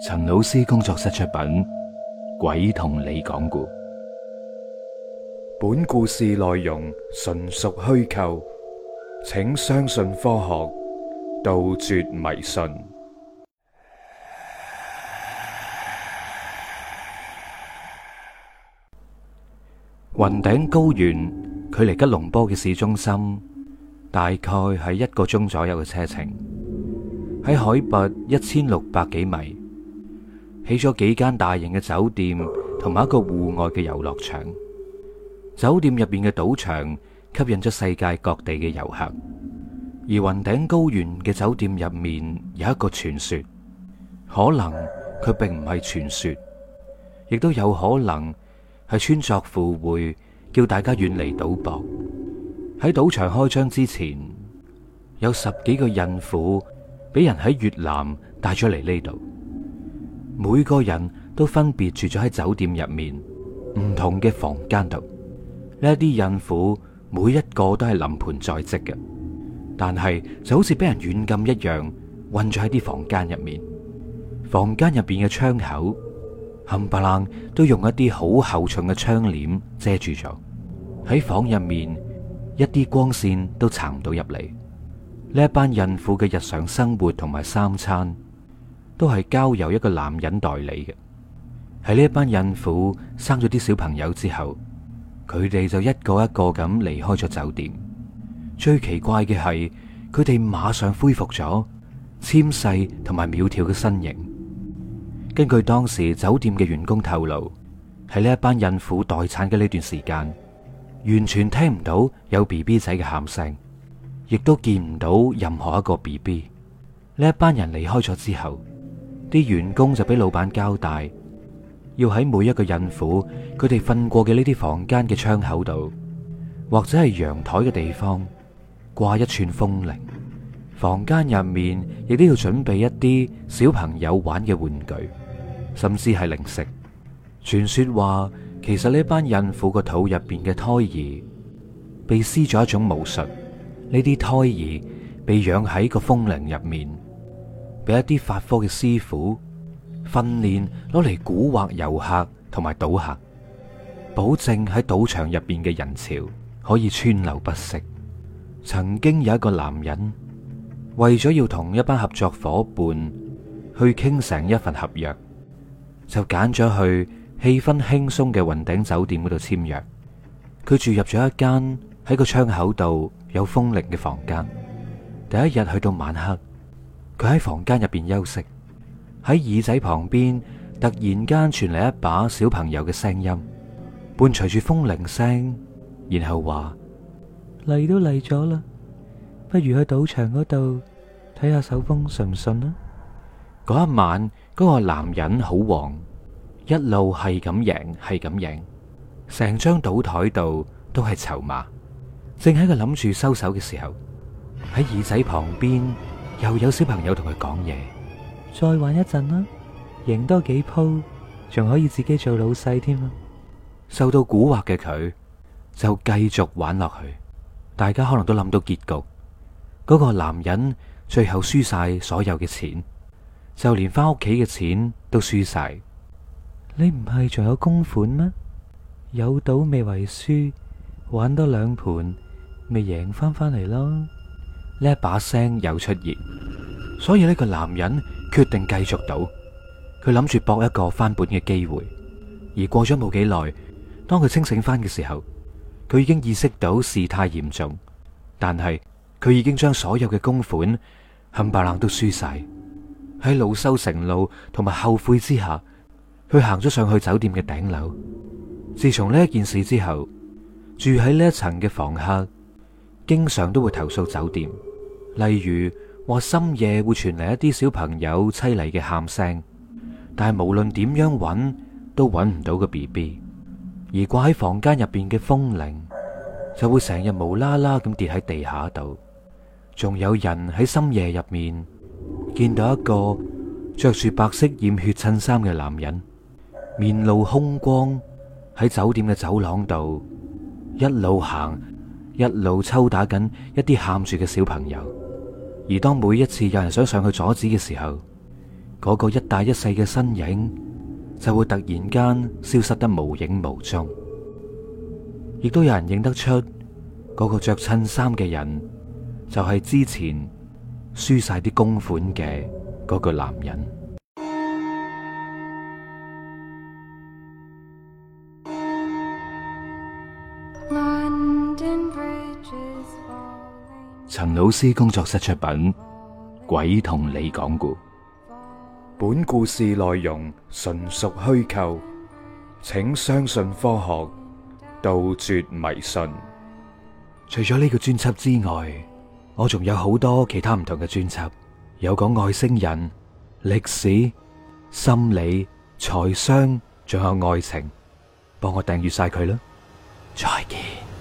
陳老師工作室出品《鬼同你講故》，本故事內容純屬虛構，請相信科學，杜絕迷信。雲頂高原距離吉隆坡嘅市中心大概係一個鐘左右嘅車程，喺海拔一千六百幾米。起咗幾間大型嘅酒店，同埋一個戶外嘅遊樂場。酒店入邊嘅賭場吸引咗世界各地嘅遊客。而雲頂高原嘅酒店入面有一個傳說，可能佢並唔係傳說，亦都有可能係穿鑿附會，叫大家遠離賭博。喺賭場開張之前，有十幾個孕婦俾人喺越南帶咗嚟呢度。每個人都分別住咗喺酒店入面，唔同嘅房間度。呢啲孕婦每一個都係臨盆在即嘅，但係就好似俾人軟禁一樣，困咗喺啲房間入面。房間入邊嘅窗口冚唪唥都用一啲好厚重嘅窗簾遮住咗，喺房入面一啲光線都撐唔到入嚟。呢一班孕婦嘅日常生活同埋三餐。都係交由一個男人代理嘅。喺呢一班孕婦生咗啲小朋友之後，佢哋就一個一個咁離開咗酒店。最奇怪嘅係，佢哋馬上恢復咗纖細同埋苗條嘅身形。根據當時酒店嘅員工透露，喺呢一班孕婦待產嘅呢段時間，完全聽唔到有 BB 仔嘅喊聲，亦都見唔到任何一個 BB。呢一班人離開咗之後。啲員工就俾老闆交代，要喺每一個孕婦佢哋瞓過嘅呢啲房間嘅窗口度，或者係陽台嘅地方掛一串風鈴。房間入面亦都要準備一啲小朋友玩嘅玩具，甚至係零食。傳說話，其實呢班孕婦個肚入邊嘅胎兒被施咗一種巫術，呢啲胎兒被養喺個風鈴入面。俾一啲法科嘅師傅訓練，攞嚟蠱惑遊客同埋賭客，保證喺賭場入邊嘅人潮可以川流不息。曾經有一個男人為咗要同一班合作伙伴去傾成一份合約，就揀咗去氣氛輕鬆嘅雲頂酒店嗰度簽約。佢住入咗一間喺個窗口度有風鈴嘅房間。第一日去到晚黑。佢喺房間入邊休息，喺耳仔旁邊突然間傳嚟一把小朋友嘅聲音，伴隨住風鈴聲，然後話，嚟都嚟咗啦，不如去賭場嗰度睇下手風順唔順啦。嗰一晚，嗰個男人好旺，一路係咁贏，係咁贏，成張賭台度都係籌碼。正喺佢諗住收手嘅時候，喺耳仔旁邊。又有小朋友同佢講嘢，再玩一陣啦，贏多幾鋪，仲可以自己做老細添啊！受到蠱惑嘅佢就繼續玩落去，大家可能都諗到結局，嗰、那個男人最後輸晒所有嘅錢，就連翻屋企嘅錢都輸晒。你唔係仲有公款咩？有賭未為輸，玩多兩盤，咪贏翻返嚟咯！呢一把聲又出現，所以呢個男人決定繼續賭。佢諗住搏一個翻本嘅機會。而過咗冇幾耐，當佢清醒翻嘅時候，佢已經意識到事態嚴重。但係佢已經將所有嘅公款冚唪唥都輸晒。喺惱羞成怒同埋後悔之下，佢行咗上去酒店嘅頂樓。自從呢一件事之後，住喺呢一層嘅房客經常都會投訴酒店。例如話深夜會傳嚟一啲小朋友淒厲嘅喊聲，但係無論點樣揾都揾唔到個 BB，而掛喺房間入邊嘅風鈴就會成日無啦啦咁跌喺地下度，仲有人喺深夜入面見到一個着住白色染血襯衫嘅男人，面露兇光喺酒店嘅走廊度一路行。一路抽打緊一啲喊住嘅小朋友，而當每一次有人想上去阻止嘅時候，嗰個一大一細嘅身影就會突然間消失得無影無蹤。亦都有人認得出嗰個着襯衫嘅人，就係之前輸晒啲公款嘅嗰個男人。陳老師工作室出品《鬼同你講故》，本故事內容純屬虛構，請相信科學，杜絕迷信。除咗呢個專輯之外，我仲有好多其他唔同嘅專輯，有講外星人、歷史、心理、財商，仲有愛情。幫我訂閱晒佢啦！再見。